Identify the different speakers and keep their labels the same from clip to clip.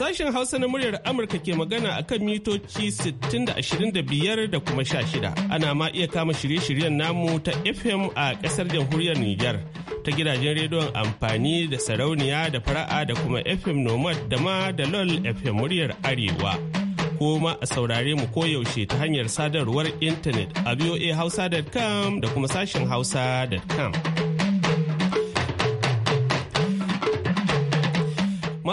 Speaker 1: Sashen Hausa na muryar Amurka ke magana a kan mitoci 60 da kuma shida Ana ma iya kama shirye-shiryen namu ta FM a kasar jamhuriyar Nijar ta gidajen rediyon amfani da sarauniya da fara'a da kuma FM Nomad da ma da LOL FM muryar Arewa. Koma a saurare mu koyaushe ta hanyar sadarwar intanet a voahausa.com da kuma sashen hausa.com.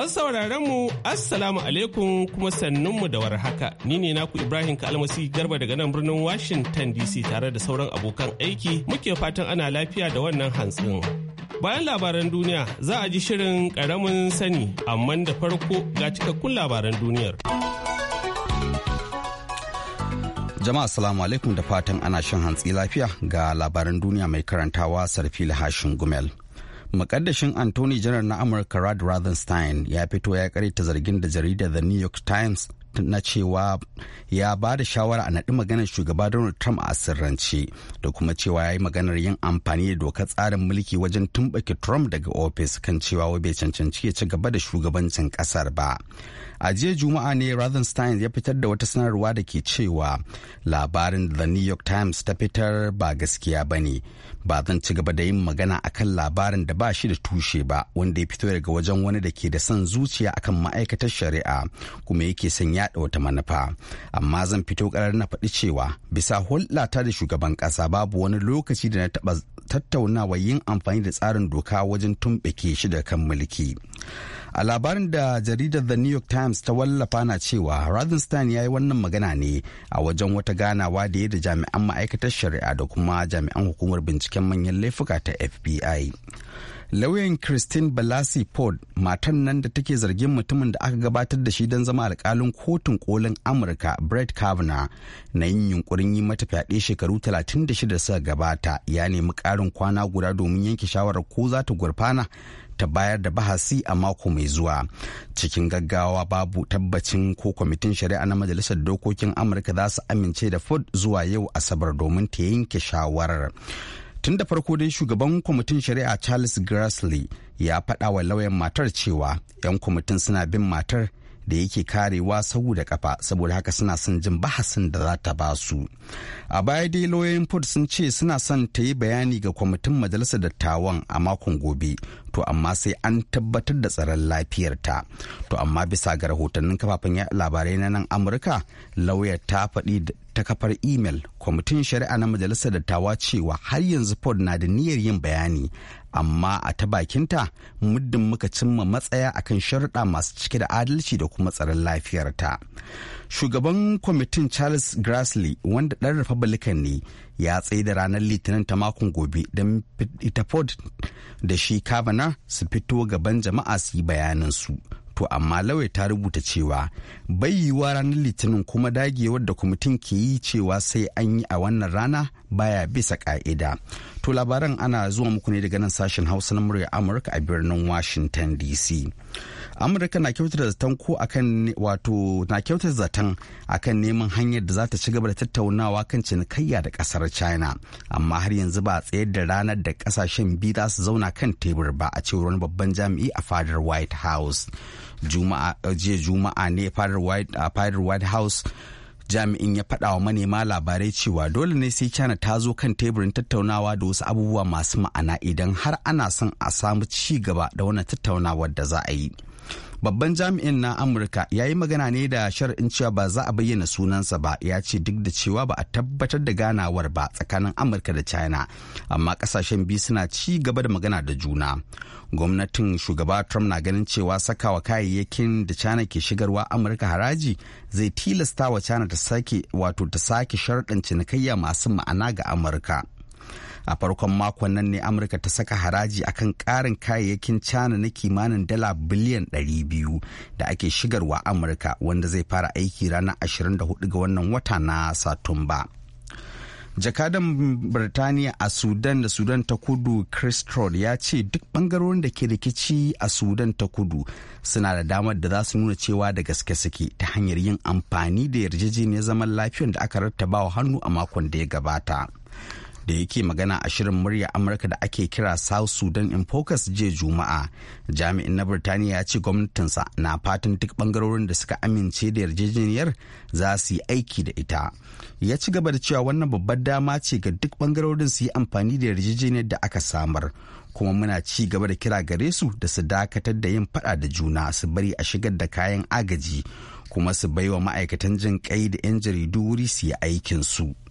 Speaker 1: Masu sauraron mu Assalamu alaikum kuma sannunmu da warhaka. Ni ne naku Ibrahim Kalmasi Garba daga nan birnin Washington DC tare da sauran abokan aiki muke fatan ana lafiya da wannan hantsin. Bayan labaran duniya za a ji shirin karamin sani amma da farko ga cikakkun labaran duniyar.
Speaker 2: Jama'a Assalamu alaikum da fatan ana shan hantsi lafiya ga labaran duniya mai karantawa Sarfila Hashin Gumel. Makaddashin Anthony Janar na Amurka Rod Rothenstein ya fito ya karita zargin da jaridar The New York Times na cewa ya ba da shawara a naɗi maganar shugaba Donald Trump a asirrance da kuma cewa ya yi maganar yin amfani da dokar tsarin mulki wajen tumɓake Trump daga ofis kan cewa wai bai cancanci ya ci gaba da shugabancin ƙasar ba. a jiya juma'a ne Rothenstein ya fitar da wata sanarwa da ke cewa labarin da the new york times ta fitar ba gaskiya ba ne ba zan ci gaba da yin magana akan labarin da ba shi da tushe ba wanda ya fito daga wajen wani da ke da son zuciya akan ma'aikatar shari'a kuma yake son yaɗa wata manufa amma zan fito karar na faɗi cewa bisa hulɗata da shugaban ƙasa babu wani lokaci da na taɓa tattaunawa yin amfani da tsarin doka wajen tumɓake shi da kan mulki. A labarin da jaridar The New York Times ta wallafa na cewa Rothenstein ya yi wannan magana ne a wajen wata ganawa da ya da jami'an ma'aikatar shari'a da kuma jami'an hukumar binciken manyan laifuka ta FBI. lauyan christine balasi ford matan nan da take zargin mutumin da aka gabatar da shi don zama alkalin kotun kolin amurka brett kavanaugh na yin yunkurin yi mata fyaɗe shekaru 36 suka gabata ya nemi ƙarin kwana guda domin yanke shawarar ko za ta gurfana ta bayar da bahasi a mako mai zuwa cikin gaggawa babu tabbacin ko kwamitin shari'a na majalisar dokokin amurka za su amince da ford zuwa yau asabar domin ta yanke shawarar tun da farko dai shugaban kwamitin shari'a charles grassley ya faɗa wa lauyan matar cewa 'yan kwamitin suna bin matar da yake karewa sau da kafa saboda haka suna son jin bahasin da za ta ba su a baya dai lauyoyin ford sun ce suna son ta yi bayani ga kwamitin majalisar dattawan a makon gobe to amma sai an tabbatar da tsaron lafiyarta to amma bisa ga rahotannin kafafen labarai na nan amurka lauyar ta faɗi ta kafar imel kwamitin shari'a na majalisar dattawa cewa har yanzu ford na da niyyar yin bayani amma a ta bakinta muddin muka cimma matsaya akan sharuɗa masu cike da adalci da kuma tsaron lafiyarta shugaban kwamitin charles grassley wanda ɗan republican ne ya tsaye da ranar litinin ta makon gobe don ita ford da shi kavana su fito gaban jama'a su yi su to amma lawai ta rubuta cewa wa ranar litinin kuma dagewar da kwamitin ke yi cewa sai an yi a wannan rana baya bisa ka'ida to labaran ana zuwa muku ne daga nan sashen hausa na murya amurka a birnin washington dc amurka na kyautata zaton ko akan wato na kyautata zaton akan neman hanyar da za ta ci gaba da tattaunawa kan cinikayya da kasar china amma har yanzu ba a tsayar da ranar da kasashen biyu za su zauna kan tebur ba a cewar wani babban jami'i a fadar white house juma'a eh, jiya juma'a ne fadar white house jami'in ya faɗa wa manema labarai cewa dole ne sai china ta zo kan teburin tattaunawa da wasu abubuwa masu ma'ana idan har ana son a samu ci gaba da wannan tattaunawar da za a yi babban jami'in na amurka ya yi magana ne da shar'in cewa ba za a bayyana sunansa ba ya ce duk da cewa ba a tabbatar da ganawar ba tsakanin amurka da china amma kasashen biyu suna ci gaba da magana da juna gwamnatin shugaba trump na ganin cewa sakawa kayayyakin da china ke shigarwa amurka haraji zai tilasta wa china ta sake wato ta sake sharɗin cinikayya masu ma'ana ga amurka a farkon makon nan ne amurka ta saka haraji akan karin kayayyakin cana na kimanin dala biliyan 200 da ake shigarwa amurka wanda zai fara aiki ranar 24 ga wannan wata na satumba jakadan birtaniya a sudan da sudan ta kudu chris ya ce duk bangarorin da ke rikici a sudan ta kudu suna da damar da za su nuna cewa da gaske suke ta hanyar yin amfani da yarjejeniyar zaman lafiyar da aka wa hannu a makon da ya gabata da yake magana a shirin murya amurka da ake kira south sudan in focus jiya juma'a jami'in na birtaniya ya ce gwamnatinsa na fatan duk bangarorin da suka amince da yarjejeniyar za su yi aiki da ita ya ci gaba da cewa wannan babbar dama ce ga duk bangarorin su yi amfani da yarjejeniyar da aka samar kuma muna ci gaba da kira gare su da su dakatar da yin fada da juna su bari a shigar da kayan agaji kuma su baiwa ma'aikatan jin kai da 'yan jaridu wuri su yi aikinsu. su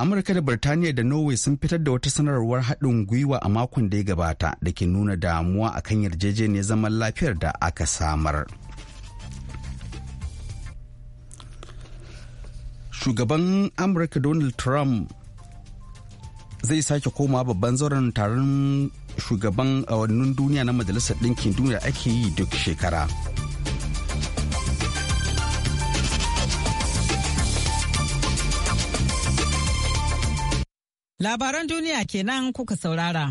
Speaker 2: amurka da birtaniya da norway sun fitar da wata sanarwar haɗin gwiwa a makon da ya gabata da ke nuna damuwa a kan yarjejeniyar zaman lafiyar da aka samar shugaban amurka donald trump zai sake koma babban zauren taron shugaban awannin duniya na majalisar ɗinkin duniya ake yi duk shekara
Speaker 3: Labaran duniya kenan kuka saurara.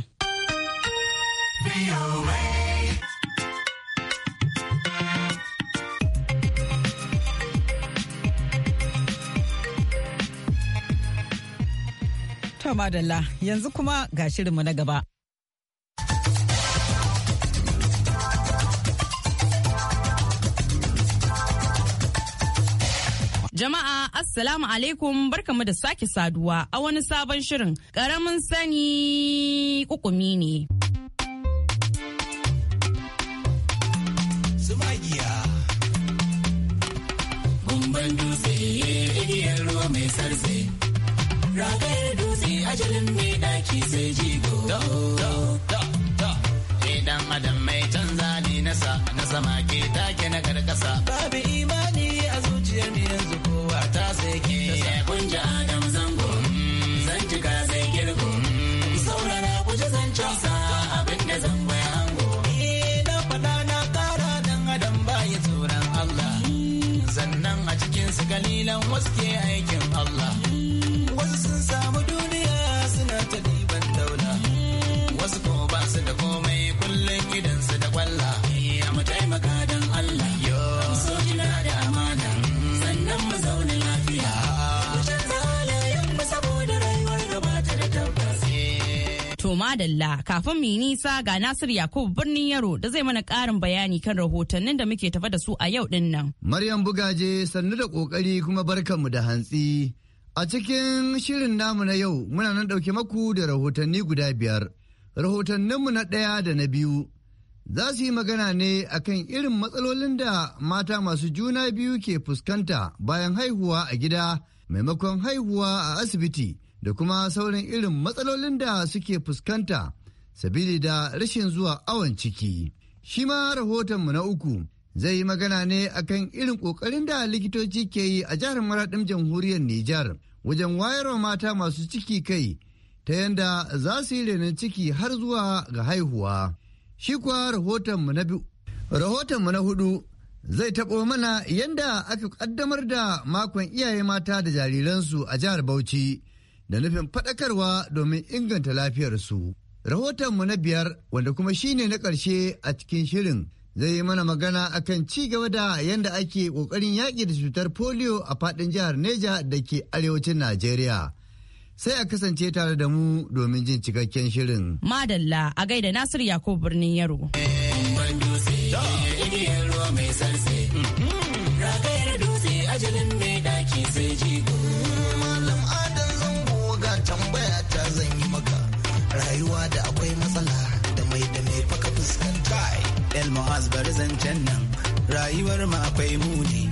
Speaker 3: Tama dala, yanzu kuma ga shirinmu na gaba.
Speaker 4: Jama'a Assalamu alaikum barkamu da sake saduwa a wani sabon shirin ƙaramin sani kukumi ne.
Speaker 5: Gumban dutse igiyar ruwa adam mai canza ne na sama ke taki.
Speaker 4: To madalla kafin mu yi nisa ga Nasir Yakubu birnin Yaro da zai mana karin bayani kan rahotannin da muke tafa da su a yau din nan.
Speaker 6: Maryam Bugaje sannu da kokari kuma barkanmu da hantsi. A cikin shirin namu na yau muna nan dauke maku da rahotanni guda biyar. Rahotanninmu na ɗaya da na biyu za su yi magana ne akan irin matsalolin da mata masu juna biyu ke fuskanta bayan haihuwa a gida maimakon haihuwa a asibiti. da kuma sauran irin matsalolin da suke fuskanta sabili da rashin zuwa awon ciki. Shi ma rahotonmu na uku zai yi magana ne akan irin ƙoƙarin da likitoci ke yi a jihar Maraɗin jamhuriyar Nijar wajen wayarwa mata masu ciki kai ta yanda za su yi renon ciki har zuwa ga haihuwa. Shi kuwa rahotonmu na biyu. Rahotonmu na hudu zai taɓo mana yadda aka ƙaddamar da makon iyaye mata da jariransu a jihar Bauchi. da nufin faɗakarwa domin inganta lafiyarsu. Rahotonmu na biyar wanda kuma shine na ƙarshe a cikin shirin zai yi mana magana akan ci gaba da yadda ake ƙoƙarin yaƙi da cutar polio a faɗin jihar Neja da ke arewacin Najeriya. Sai a kasance tare da mu domin jin cikakken shirin.
Speaker 4: Madalla a gaida Nasiru Yakubu birnin Yaro.
Speaker 5: bar zancen nan rayuwar mu akwai muni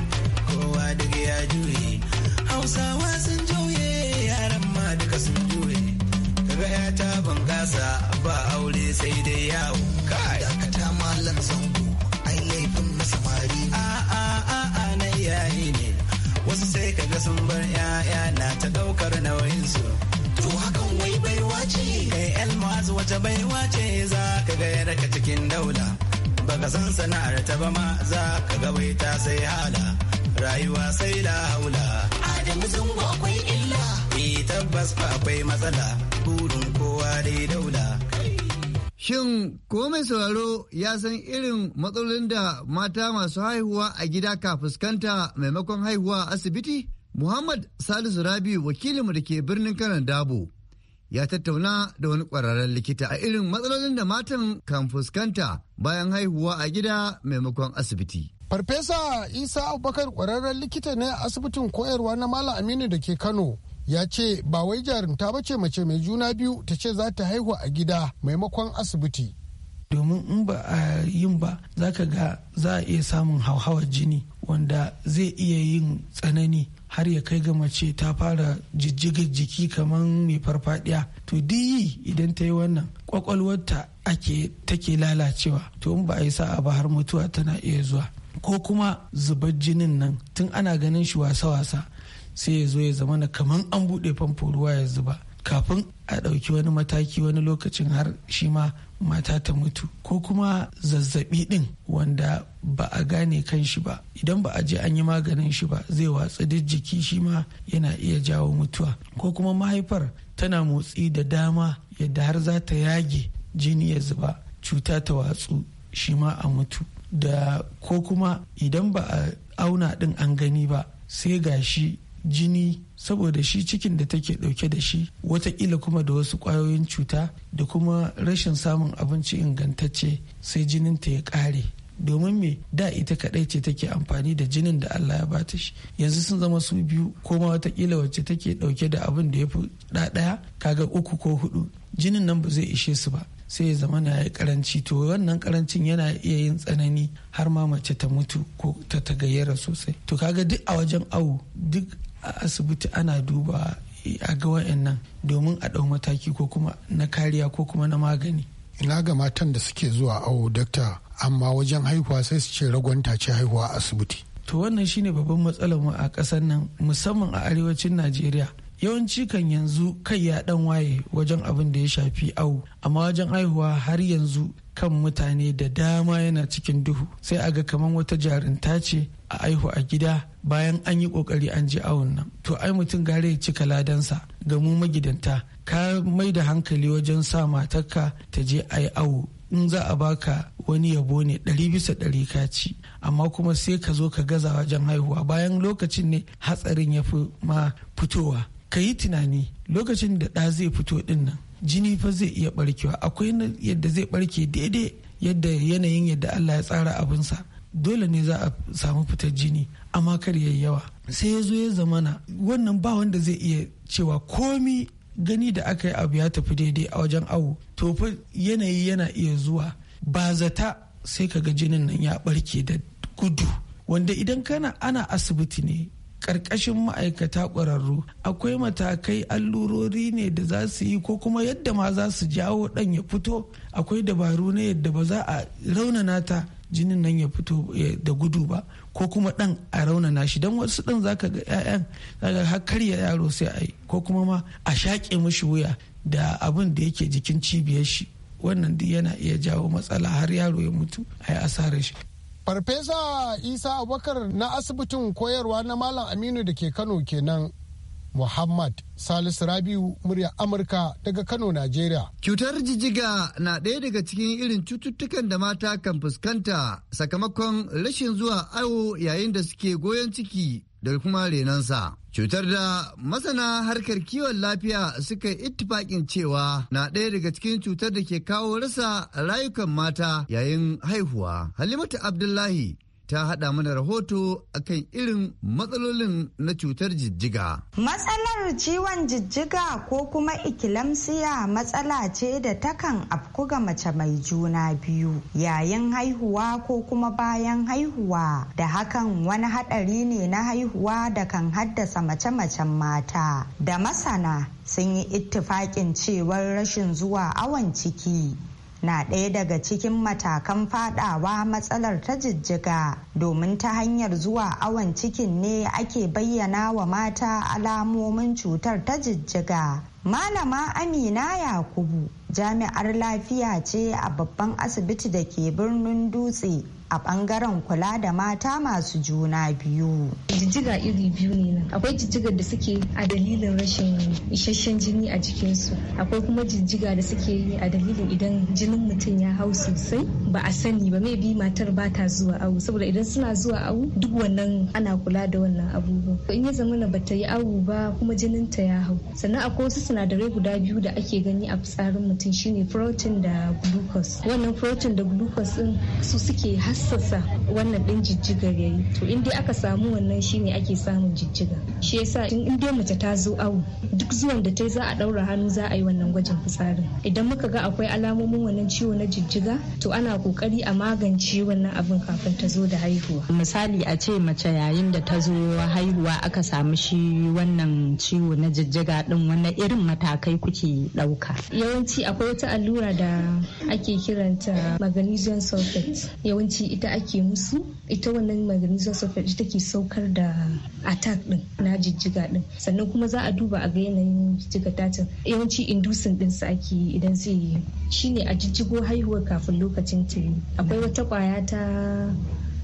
Speaker 5: kowa daga ya juye hausawa sun juye yaran ma duka sun juye kaga ya ta bangasa ba aure sai dai yawo kai dakata malam zango ai laifin na samari a a a a na yayi ne wasu sai kaga sun bar yaya na ta daukar nauyinsu to hakan wai baiwa ce kai elmas wata baiwa ce za ka ga cikin daula baka san sana'ar ta ba ma za ka ta sai hala rayuwa sai la haula adamu zango akwai illa E, tabbas fa akwai matsala burin kowa dai daula
Speaker 6: Shin ko mai sauraro ya san irin matsalolin da mata masu haihuwa a gida ka fuskanta maimakon haihuwa a asibiti? Muhammad Salisu Rabi wakilinmu da ke birnin kanan dabo ya tattauna da wani ƙwararren likita a irin matsalolin da matan kan fuskanta bayan haihuwa a gida maimakon asibiti.
Speaker 1: Farfesa Isa Abubakar ƙwararren likita ne a asibitin koyarwa na Malam Aminu da ke Kano. ya ce ba wai jarumta ba ce mace mai juna biyu ta ce za ta haihu a gida maimakon asibiti domin in ba a yin ba za ka ga za a iya samun hauhawar jini wanda zai iya yin tsanani har ya kai ga mace ta fara jijjigar jiki kamar mai farfadiya to yi idan ta yi wannan kwakwalwarta ake take lalacewa to in ba a yi sa'a ba har mutuwa tana iya zuwa ko kuma zubar jinin nan tun ana ganin shi wasa-wasa sai ya zo ya zama na kamar an buɗe famfo ruwa ya zuba kafin a ɗauki wani mataki wani lokacin har shi ma mata ta mutu ko kuma zazzabi din wanda ba a gane kan shi ba idan ba a je an yi maganin shi ba zai watsa duk jiki shi ma yana iya jawo mutuwa ko kuma mahaifar tana motsi da dama yadda har za ta yage jini ya zuba cuta ta watsu shi ma a mutu da ko kuma idan ba a auna din an gani ba sai gashi jini saboda shi cikin da take dauke da shi watakila kuma da wasu kwayoyin cuta da kuma rashin samun abinci ingantacce sai jininta ya kare domin me da ita kadai ce take amfani da jinin da Allah ya bata shi yanzu sun zama su biyu ko ma watakila wacce take dauke da abin da ya fi ɗaya kaga uku ko hudu jinin nan ba zai ishe su ba sai ya zama na ya karanci to wannan karancin yana iya yin tsanani har ma mace ta mutu ko ta tagayyara sosai to kaga duk a wajen awu duk a asibiti ana duba a ga wa'annan domin a ɗau mataki ko kuma na kariya ko kuma na magani ina ga matan da suke zuwa awo dakta amma wajen haihuwa sai su ce ragwanta ce haihuwa a asibiti to wannan shine babban matsalar mu a ƙasar nan musamman a arewacin najeriya yawanci kan yanzu kai ya dan waye wajen abin da ya shafi awo amma wajen haihuwa har yanzu kan mutane da dama yana cikin duhu sai a ga kamar wata jarinta ce a aihu a gida bayan an yi kokari an je awon nan to ai mutum gare ya cika ladansa ga mu magidanta ka mai da hankali wajen sa matarka ta je a yi awo in za a baka wani yabo ne ɗari bisa ɗari ka ci amma kuma sai ka zo ka gaza wajen haihuwa bayan lokacin ne hatsarin ya fi ma fitowa ka yi tunani lokacin da ɗa zai fito ɗin nan jini fa zai iya barkewa akwai yadda zai barke daidai yadda yanayin yadda Allah ya tsara abinsa dole ne za a samu fitar jini amma kar yayi yawa sai ya zo ya zamana wannan ba wanda zai iya cewa komi gani da aka yi abu ya tafi daidai a wajen awo to fa yanayi yana iya zuwa ba zata sai kaga jinin nan ya barke da gudu wanda idan kana ana asibiti ne ƙarƙashin ma'aikata ƙwararru akwai matakai allurori ne da za su yi ko kuma yadda ma za su jawo ɗan ya fito akwai dabaru na yadda ba za a raunana ta jinin nan ya fito da gudu ba ko kuma ɗan a raunana shi don wasu ɗan zaka ga 'ya'yan zaka har karya yaro sai a yi ko kuma ma a shaƙe mashi wuya da abin da yake jikin cibiyar shi wannan duk yana iya jawo matsala har yaro ya mutu a yi asarar shi Farfesa Isa Abubakar na asibitin koyarwa na Malam Aminu
Speaker 6: da ke Kano kenan. Muhammad Salisu Rabiu murya Amurka daga Kano, Najeriya. Cutar jijiga na ɗaya daga cikin irin cututtukan da mata kan fuskanta sakamakon rashin zuwa awo yayin da suke goyon ciki da kuma renonsa. Cutar da masana harkar kiwon lafiya suka yi ittifaƙin cewa na ɗaya daga cikin cutar da ke kawo rasa rayukan mata yayin haihuwa. Halimatu Abdullahi ta haɗa mana rahoto akan irin matsalolin na cutar jijjiga.
Speaker 4: Matsalar ciwon jijjiga ko kuma ikilamsiya matsala ce da takan afku ga mace mai juna biyu yayin haihuwa ko kuma bayan haihuwa da hakan wani haɗari ne na haihuwa da kan haddasa mace-macen mata da masana sun yi ittifaƙin cewar rashin zuwa awon ciki na ɗaya daga cikin matakan fadawa matsalar ta jijjiga domin ta hanyar zuwa awon cikin ne ake bayyana wa mata alamomin cutar ta jijjiga malama amina yakubu jami'ar lafiya ce a babban asibiti da ke birnin dutse a bangaren kula da mata masu juna biyu. Jijjiga iri biyu ne nan. Akwai jijjigar da suke a dalilin rashin isasshen jini a jikinsu. Akwai
Speaker 7: kuma jijjiga da suke yi a dalilin idan jinin mutum ya hau sosai ba a sani ba bi matar ba ta zuwa awu saboda idan suna zuwa awu duk wannan ana kula da wannan abubuwa. In ya zama na bata yi awu ba kuma jininta ya hau. Sannan akwai wasu sinadarai guda biyu da ake gani a fitsarin mutum shine protein da glucose. Wannan protein da glucose din su suke sassa wannan ɗin jijjigar yi to in dai aka samu wannan shine ake samun jijjiga shi yasa in dai mace ta zo awo duk zuwan da ta za a ɗaura hannu za a yi wannan gwajin fitsarin idan muka ga akwai alamomin wannan ciwo na jijjiga to ana kokari a magance
Speaker 4: wannan abin kafin ta zo da haihuwa misali a ce mace yayin da ta zo haihuwa aka samu shi wannan ciwo na jijjiga din wannan irin matakai kuke ɗauka.
Speaker 7: yawanci akwai wata allura da ake kiranta magnesium sulfate yawanci ita ake musu ita wannan zuwa sulfate ita ke saukar da attack din na jijjiga din sannan kuma za a duba a ga yanayin jijjiga tatin yawanci indusin din su ake idan zai yi shine a jijjigo haihuwar kafin lokacin ta akwai wata kwaya ta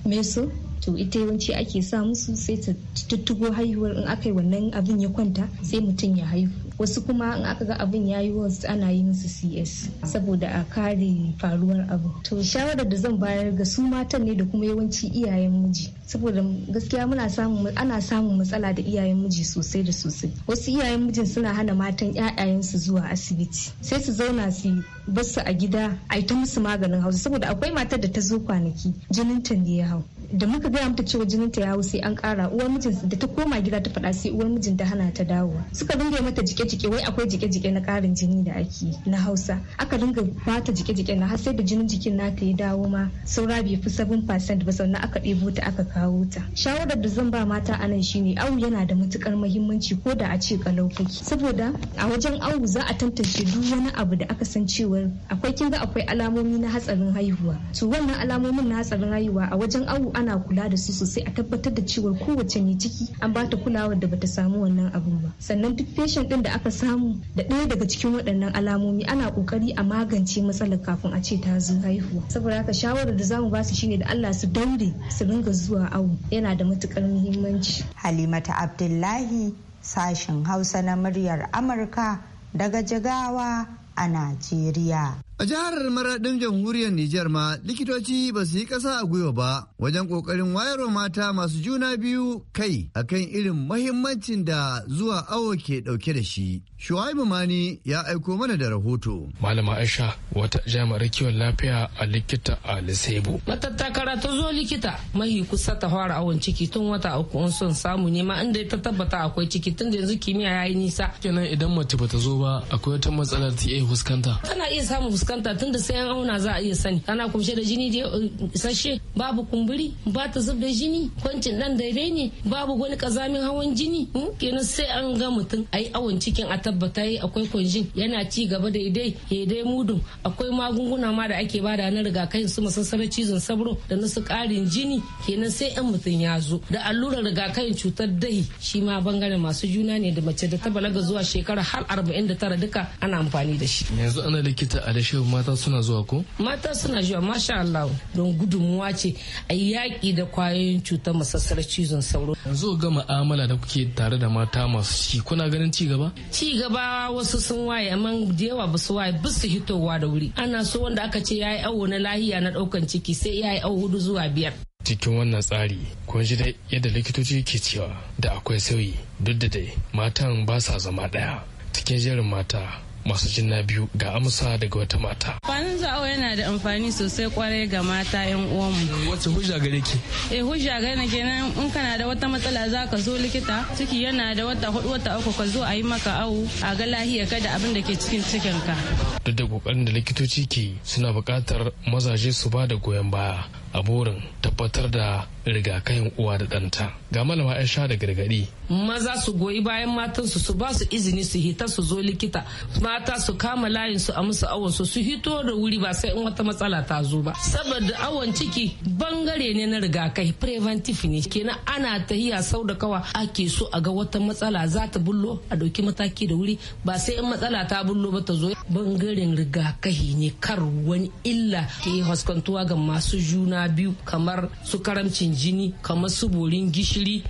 Speaker 7: meso to ita yawanci ake sa musu sai ta tuttugo haihuwar in aka yi wannan abin ya kwanta sai mutum ya haihu wasu kuma in aka ga abin ya yi wasu ana yi musu cs saboda a kare faruwar abu to shawarar da zan bayar ga su matan ne da kuma yawanci iyayen miji saboda gaskiya muna samun ana samun matsala da iyayen miji sosai da sosai wasu iyayen mijin suna hana matan ƴaƴayensu zuwa asibiti sai su zauna su basu a gida a ta musu maganin hausa saboda akwai matar da ta zo kwanaki jinin ta ne ya hau da muka gaya mata cewa jinin ta ya hau sai an kara uwar mijin da ta koma gida ta faɗa sai uwar mijin ta hana ta dawo suka dinga mata jike-jike wai akwai jike-jike na karin jini da ake na hausa aka dinga bata jike-jike na har sai da jinin jikin nata ya dawo ma saura bai fi 7% ba sannan aka ɗebo ta aka kawo ta shawarar da zan ba mata anan shine awu yana da matukar muhimmanci ko da a ce kalau saboda a wajen awu za a tantance duk wani abu da aka san cewa akwai kinga akwai alamomi na hatsarin haihuwa to wannan alamomin na hatsarin haihuwa a wajen awu ana kula da su sosai a tabbatar da cewa kowace mai ciki an ba ta kulawar da bata samu wannan abun ba sannan duk patient din da aka samu da ɗaya daga cikin waɗannan alamomi ana kokari a magance matsalar kafin a ce ta zo haihuwa saboda haka shawarar da zamu ba
Speaker 4: su shine da Allah su daure su ringa zuwa awo yana da matukar muhimmanci Halimata Abdullahi sashen Hausa na muryar Amurka daga Jigawa
Speaker 6: a Najeriya A jihar Maraɗin jamhuriyar Nijar ma likitoci ba su yi ƙasa a gwiwa ba wajen ƙoƙarin wayarwa mata masu juna biyu kai akan irin mahimmancin da zuwa awo ke ɗauke da shi. Shu'aibu Mani ya aiko mana da rahoto.
Speaker 8: Malama Aisha wata jami'ar kiwon lafiya a likita a Lisebo.
Speaker 9: Matattakara ta zo likita mahi kusa ta fara awon ciki tun wata uku in son samu ne ma inda ta tabbata akwai ciki tun da yanzu kimiyya ya yi nisa. Kenan idan mace bata zo ba akwai wata matsalar ta iya fuskanta. Tana iya samun fuskanta tunda sai an auna za a iya sani kana kumshe da jini da eh, isasshe babu kumburi ba ta zub da jini kwancin dan daidai ne babu wani kazamin hawan jini hmm? kenan sai an ga mutum ayi awon cikin a tabbata yi akwai kwanjin yana ci gaba daidai ya dai mudun akwai magunguna ma da ake bada na rigakafin su masassarar cizon sabro da nasu karin jini kenan sai an mutum ya zo da allurar rigakafin cutar dahi shi ma bangaren masu juna ne da mace da ta balaga zuwa shekara har 49 duka ana amfani da shi
Speaker 8: yanzu ana likita alisha shehu mata suna zuwa ko
Speaker 9: mata suna zuwa masha Allah don gudunmuwa ce a yaƙi da kwayoyin cutar masassar cizon sauro yanzu ga mu'amala da kuke tare da mata masu ciki kuna ganin ci gaba ci gaba wasu sun waye amma da yawa ba su waye ba su hitowa da wuri ana so wanda aka ce ya yi awo na lahiya na ɗaukan ciki sai ya yi awo hudu zuwa biyar
Speaker 8: cikin wannan tsari kun ji da yadda likitoci ke cewa da akwai sauyi duk da dai matan ba sa zama ɗaya cikin jerin mata masu jinna biyu ga amsa daga wata mata.
Speaker 9: Amfanin za'o yana da amfani sosai kwarai ga mata 'yan uwanmu.
Speaker 8: Wace hujja gare ki?
Speaker 9: Eh hujja gare kenan in kana da wata matsala za ka zo likita ciki yana da wata hudu wata uku ka zo a yi maka awu a ga lahiya kada abin da ke cikin cikin
Speaker 10: ka.
Speaker 8: Duk da kokarin da likitoci ke suna buƙatar mazaje su ba da goyon baya a burin tabbatar da rigakafin uwa da ɗanta. Ga malama Aisha da gargaɗi
Speaker 9: maza su goyi bayan matansu su ba su izini su hita su zo likita mata su kama layin su a musu awon su su hito da wuri ba sai in wata matsala ta zo ba saboda awon ciki bangare ne na rigakai preventive ne kenan ana tahiya sau da kawa ake so a ga wata matsala za ta bullo a dauki mataki da wuri ba sai in matsala ta bullo ba ta zo bangaren rigakai ne kar wani illa ke haskantuwa ga masu juna biyu kamar su karamcin jini kamar su borin gishiri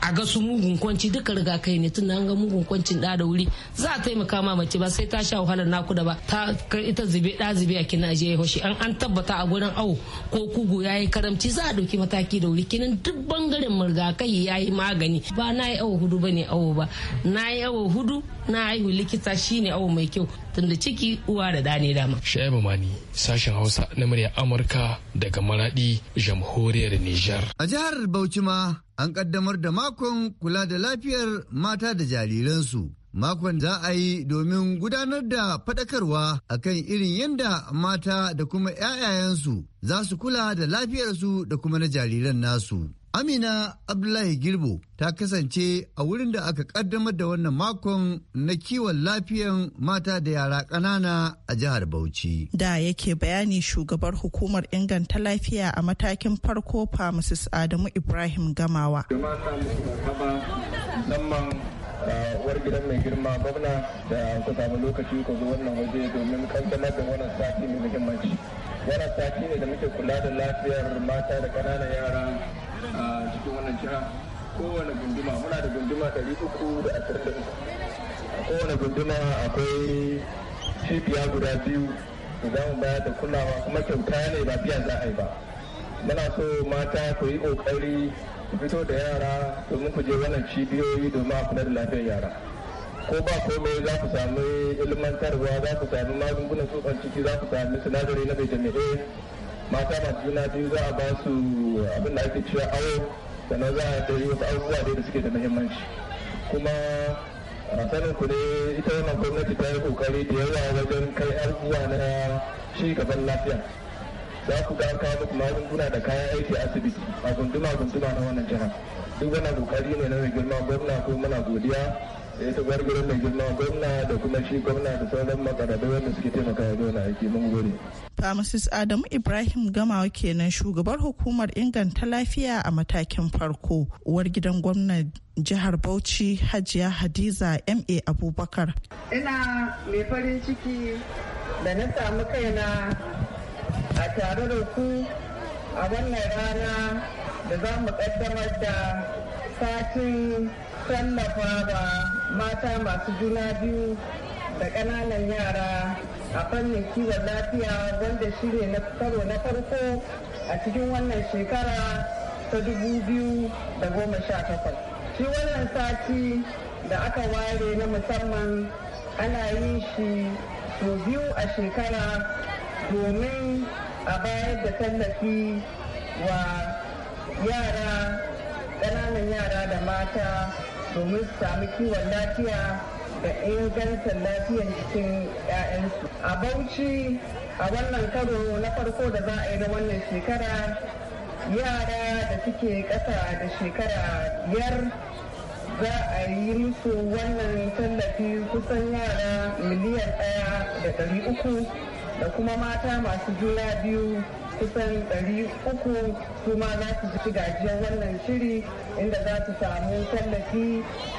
Speaker 9: a ga su mugun kwanci duka rigakai ne tun an ga mugun kwancin da da wuri za a taimaka ma mace ba sai ta sha wahalar nakuda ba ta kai ita zube da zube a kina je ya hoshi an an tabbata a gurin awo ko kugu yayi karamci za a dauki mataki da wuri kinan duk bangaren murgakai yayi magani ba na yi awo hudu bane awo ba na yi awo hudu na haihu likita shine awo mai kyau tunda ciki uwa da da ne dama. Sha'ibu Mani
Speaker 8: sashen Hausa na murya Amurka daga Maradi jamhuriyar Nijar.
Speaker 6: A jihar Bauchi ma an kaddamar da makon kula da lafiyar mata da jariransu. makon za a yi domin gudanar da faɗakarwa kan irin yadda mata da kuma 'ya'yayensu za su kula da lafiyarsu da kuma na jariran nasu. Amina Abdullahi Girbo ta kasance a wurin da aka kaddamar da wannan makon na kiwon lafiyan mata da yara ƙanana a jihar Bauchi. Da yake bayani shugabar hukumar inganta lafiya a
Speaker 5: matakin farko mrs Adamu Ibrahim Gamawa.
Speaker 11: Uh, uwar gidan mai girma gwamna da ku samu lokaci ku zo wannan waje domin kaddamar da wannan sati mai muhimmanci. Wannan sati ne da muke kula da lafiyar mata da ƙananan yara a cikin wannan kowane gunduma muna da gunduma da a kowane gunduma
Speaker 8: akwai
Speaker 11: cibiya guda biyu da za mu bayar da kulawa kuma kyauta ne ba biyan za a yi ba muna so mata ku yi ƙoƙari ku fito da yara domin ku je wannan cibiyoyi domin a kula da lafiyar yara ko ba komai za ku sami ilmantarwa za ku sami magungunan tsutsan ciki za ku sami sinadari na bitamin jami'ai. mata na juna biyu za a ba su abin da ake cewa awo sannan za a dai wasu abubuwa da suke da muhimmanci kuma a sanin ku ne ita wannan gwamnati ta yi kokari da yawa wajen kai abubuwa na shi gaban lafiya za ku ga kawo muku magunguna da kayan aiki asibiti a gunduma gunduma na wannan jihar duk wannan kokari ne na mai girma gwamna ko muna godiya da eh, ta gurin da girma gwamna da kuma shi gwamna da sauran wanda suke aiki mun gode.
Speaker 5: Pharmacist Adamu Ibrahim Gama kenan shugabar hukumar inganta lafiya a matakin farko uwar gidan gwamnan jihar Bauchi Hajiya Hadiza MA Abubakar.
Speaker 12: Ina mai farin ciki da na samu kaina a tare da ku a wannan rana da za mu kaddamar da satin tallafa ba mata masu juna biyu da ƙananan yara a fannin kiwon lafiya wanda shi ne na karo na farko a cikin wannan shekara ta dubu biyu da goma sha takwas shi wannan sati da aka ware na musamman ana yi shi sau biyu a shekara domin a bayar da tallafi wa yara ƙananan yara da mata domin su sami kiwon lafiya da ingancin lafiyar cikin 'ya'yansu a bauchi a wannan karo na farko da za a yi na wannan shekara yara da suke ƙasa da shekara biyar za a yi musu wannan tallafi kusan yara miliyan ɗaya da ɗari uku da kuma mata masu juna biyu kusan 300 kuma za su ci gajiyar wannan shiri inda za su samu tallafi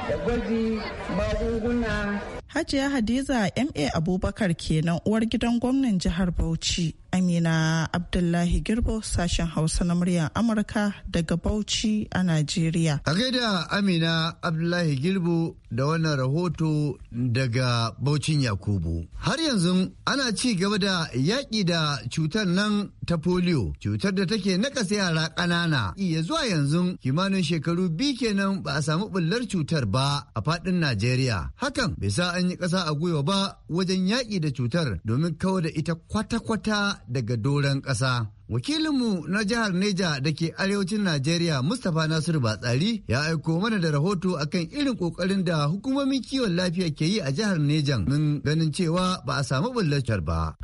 Speaker 12: da gwaji magunguna.
Speaker 5: Hajiya Hadiza MA Abubakar kenan uwar gidan gwamnan jihar Bauchi. Amina Abdullahi Girbo sashen Hausa na muryar Amurka daga Bauchi a Najeriya.
Speaker 6: A gaida Amina Abdullahi Girbo da wannan rahoto daga Baucin Yakubu. Har yanzu ana ci gaba da yaƙi da cutar nan ta polio, cutar da take nakasa yara ƙanana. Iya zuwa yanzu kimanin shekaru biyu kenan ba a samu bullar cutar ba a faɗin Najeriya. Hakan bai sa an yi ƙasa a gwiwa ba wajen yaƙi da cutar domin kawar da ita kwata-kwata daga doron ƙasa. Wakilinmu na jihar Neja da ke arewacin Najeriya Mustapha Nasiru Batsari ya aiko mana da rahoto akan irin ƙoƙarin da hukumomin kiwon lafiya ke yi a jihar Nejan mun ganin cewa ba a samu bullatar ba.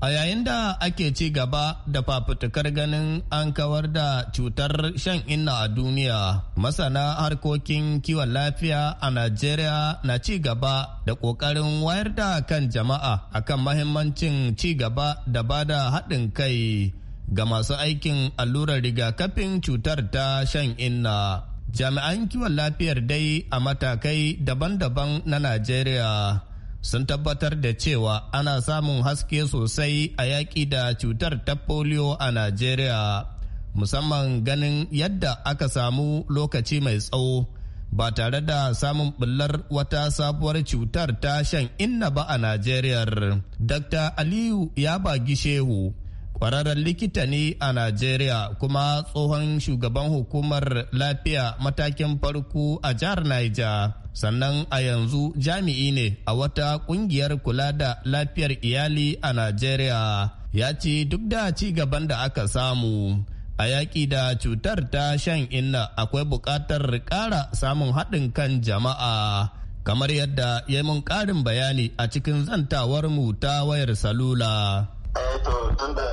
Speaker 6: A yayin da ake ci gaba
Speaker 10: da fafutukar
Speaker 6: ganin an
Speaker 10: kawar da cutar shan inna a duniya, masana harkokin kiwon lafiya a Najeriya na ci gaba da ƙoƙarin wayar da kan jama'a akan mahimmancin ci gaba da ba da haɗin kai ga masu aikin allurar rigakafin cutar ta shan inna. Jami'an kiwon lafiyar dai a matakai daban-daban na Najeriya. sun tabbatar da cewa ana samun haske sosai a yaƙi da cutar ta polio a Najeriya, musamman ganin yadda aka samu lokaci mai tsawo ba tare da samun bullar wata sabuwar cutar ta shan inna ba a Najeriya. Dr. Aliyu ya bagi shehu kwararren likita ne a Najeriya kuma tsohon shugaban hukumar lafiya matakin farko a jihar Niger. Sannan a yanzu jami'i ne a wata kungiyar kula da lafiyar iyali a Najeriya ya ce duk da ci gaban da aka samu a yaƙi da cutar ta shan inna akwai buƙatar ƙara samun haɗin kan jama'a. kamar yadda ya mun ƙarin bayani a cikin zantawar mu ta wayar salula. eh to
Speaker 13: tun da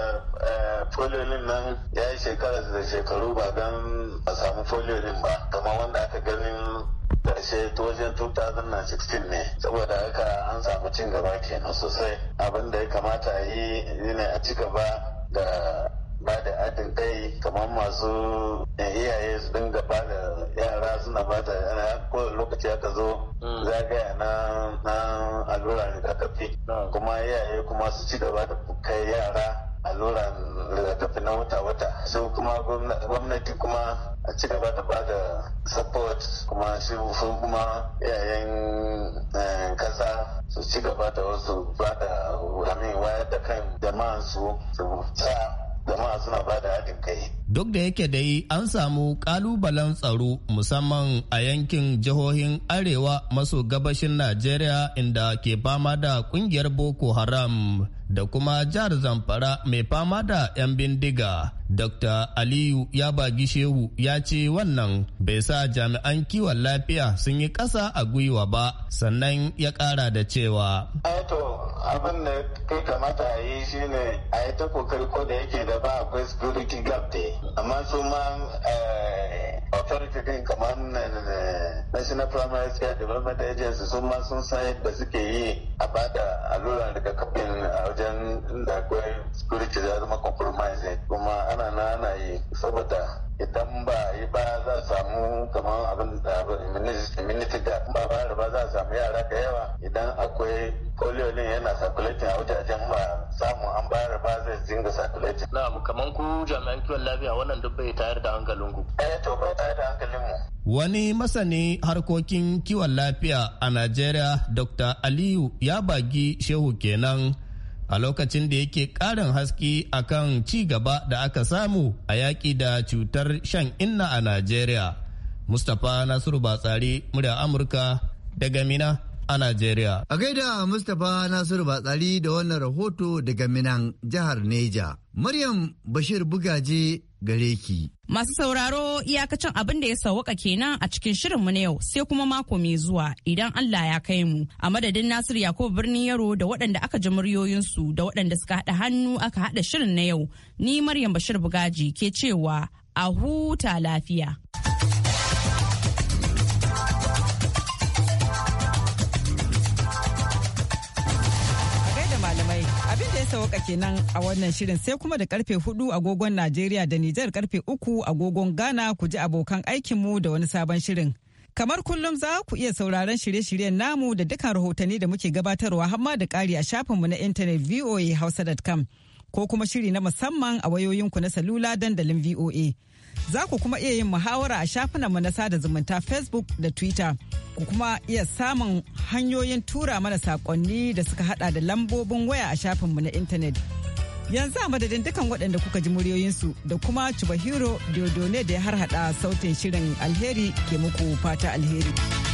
Speaker 13: eh, folio din nan ya yi shekara da shekaru ba don a samu folio din ba kamar wanda aka ganin karshe ta wajen 2016 ne saboda haka an samu cin gaba kenan sosai abin da ya kamata a yi ne a ci gaba da ba da adin kai kamar masu eh, iyaye su dinga ba da ba ta yana eh, ko lokaci aka zo hmm. zagaya na na alluran rigakafi hmm. kuma iyaye kuma su ci gaba da kai yara alluran rigakafi na wata-wata su kuma gwamnati kuma a ci gaba da bada support kuma shi kuma yayan eh, kasa su ci gaba da wasu bada wayar da kan jama'an su su jama'a suna ba da haɗin kai.
Speaker 10: Duk da yake dai an samu ƙalubalen tsaro musamman a yankin jihohin Arewa maso gabashin Najeriya inda ke fama da ƙungiyar Boko Haram da kuma jihar Zamfara mai fama da 'yan bindiga. Dr. Aliyu ya bagi Shehu ya ce wannan bai sa jami'an kiwon lafiya sun yi kasa a gwiwa ba sannan ya kara da cewa. Aito eh abin da kai kamata a yi shi ne
Speaker 13: a yi ta kokari ko da yake da ba akwai security gap da Amma su ma eh, authority din kamar eh, National Primary Care Development Agency sun ma sun sai yadda suke yi a bada alluran daga kafin a wajen da akwai security da zama compromise kuma ana na ana yi saboda idan ba yi ba za a samu kamar abin da immunity da ba ba ba za a samu yara da yawa idan akwai polio yana circulating a wajajen ba samu an bayar ba zai dinga circulating. na kamar ku jami'an kiwon lafiya
Speaker 10: wannan duk bai tayar da hankalin ku. eh to bai tayar da hankalin mu. Wani masani harkokin kiwon lafiya a Najeriya Dr. Aliyu ya bagi Shehu kenan a lokacin da yake ƙarin haske kan ci gaba da aka samu a yaƙi da cutar shan inna a Najeriya. Mustapha Nasiru Batsari, murya
Speaker 6: Amurka daga Mina a
Speaker 10: Najeriya.
Speaker 6: A gaida Mustapha Nasiru Batsari da wannan rahoto daga Minan jihar Neja. Maryam Bashir Bugaje gare ki.
Speaker 4: Masu sauraro iyakacin abin da ya sauwaka kenan a cikin shirin mu na yau sai kuma mako mai zuwa idan Allah ya kai mu. A madadin nasiru Yakubu birnin Yaro da waɗanda aka ji muryoyinsu da waɗanda suka haɗa hannu aka haɗa shirin na yau. Ni Maryam Bashir Bugaji ke cewa a huta lafiya.
Speaker 3: sauka kenan a wannan shirin sai kuma da karfe 4 agogon Najeriya da Nijar karfe 3 agogon Ghana ku ji abokan aikinmu da wani sabon shirin. Kamar kullum za ku iya sauraron shirye-shiryen namu da dukkan rahotanni da muke gabatarwa hamma da ƙari a shafinmu na intanet voahausa.com ko kuma shiri na musamman a wayoyinku na salula dandalin VOA. Za ku kuma iya yin muhawara a shafinan mu na sada zumunta Facebook da Twitter. Ku kuma iya samun hanyoyin tura mana saƙonni da suka hada da lambobin waya a shafin mu na intanet. Yanzu a madadin dukan waɗanda kuka ji muryoyinsu da kuma dodo ne da ya harhaɗa sautin shirin alheri ke muku fata alheri.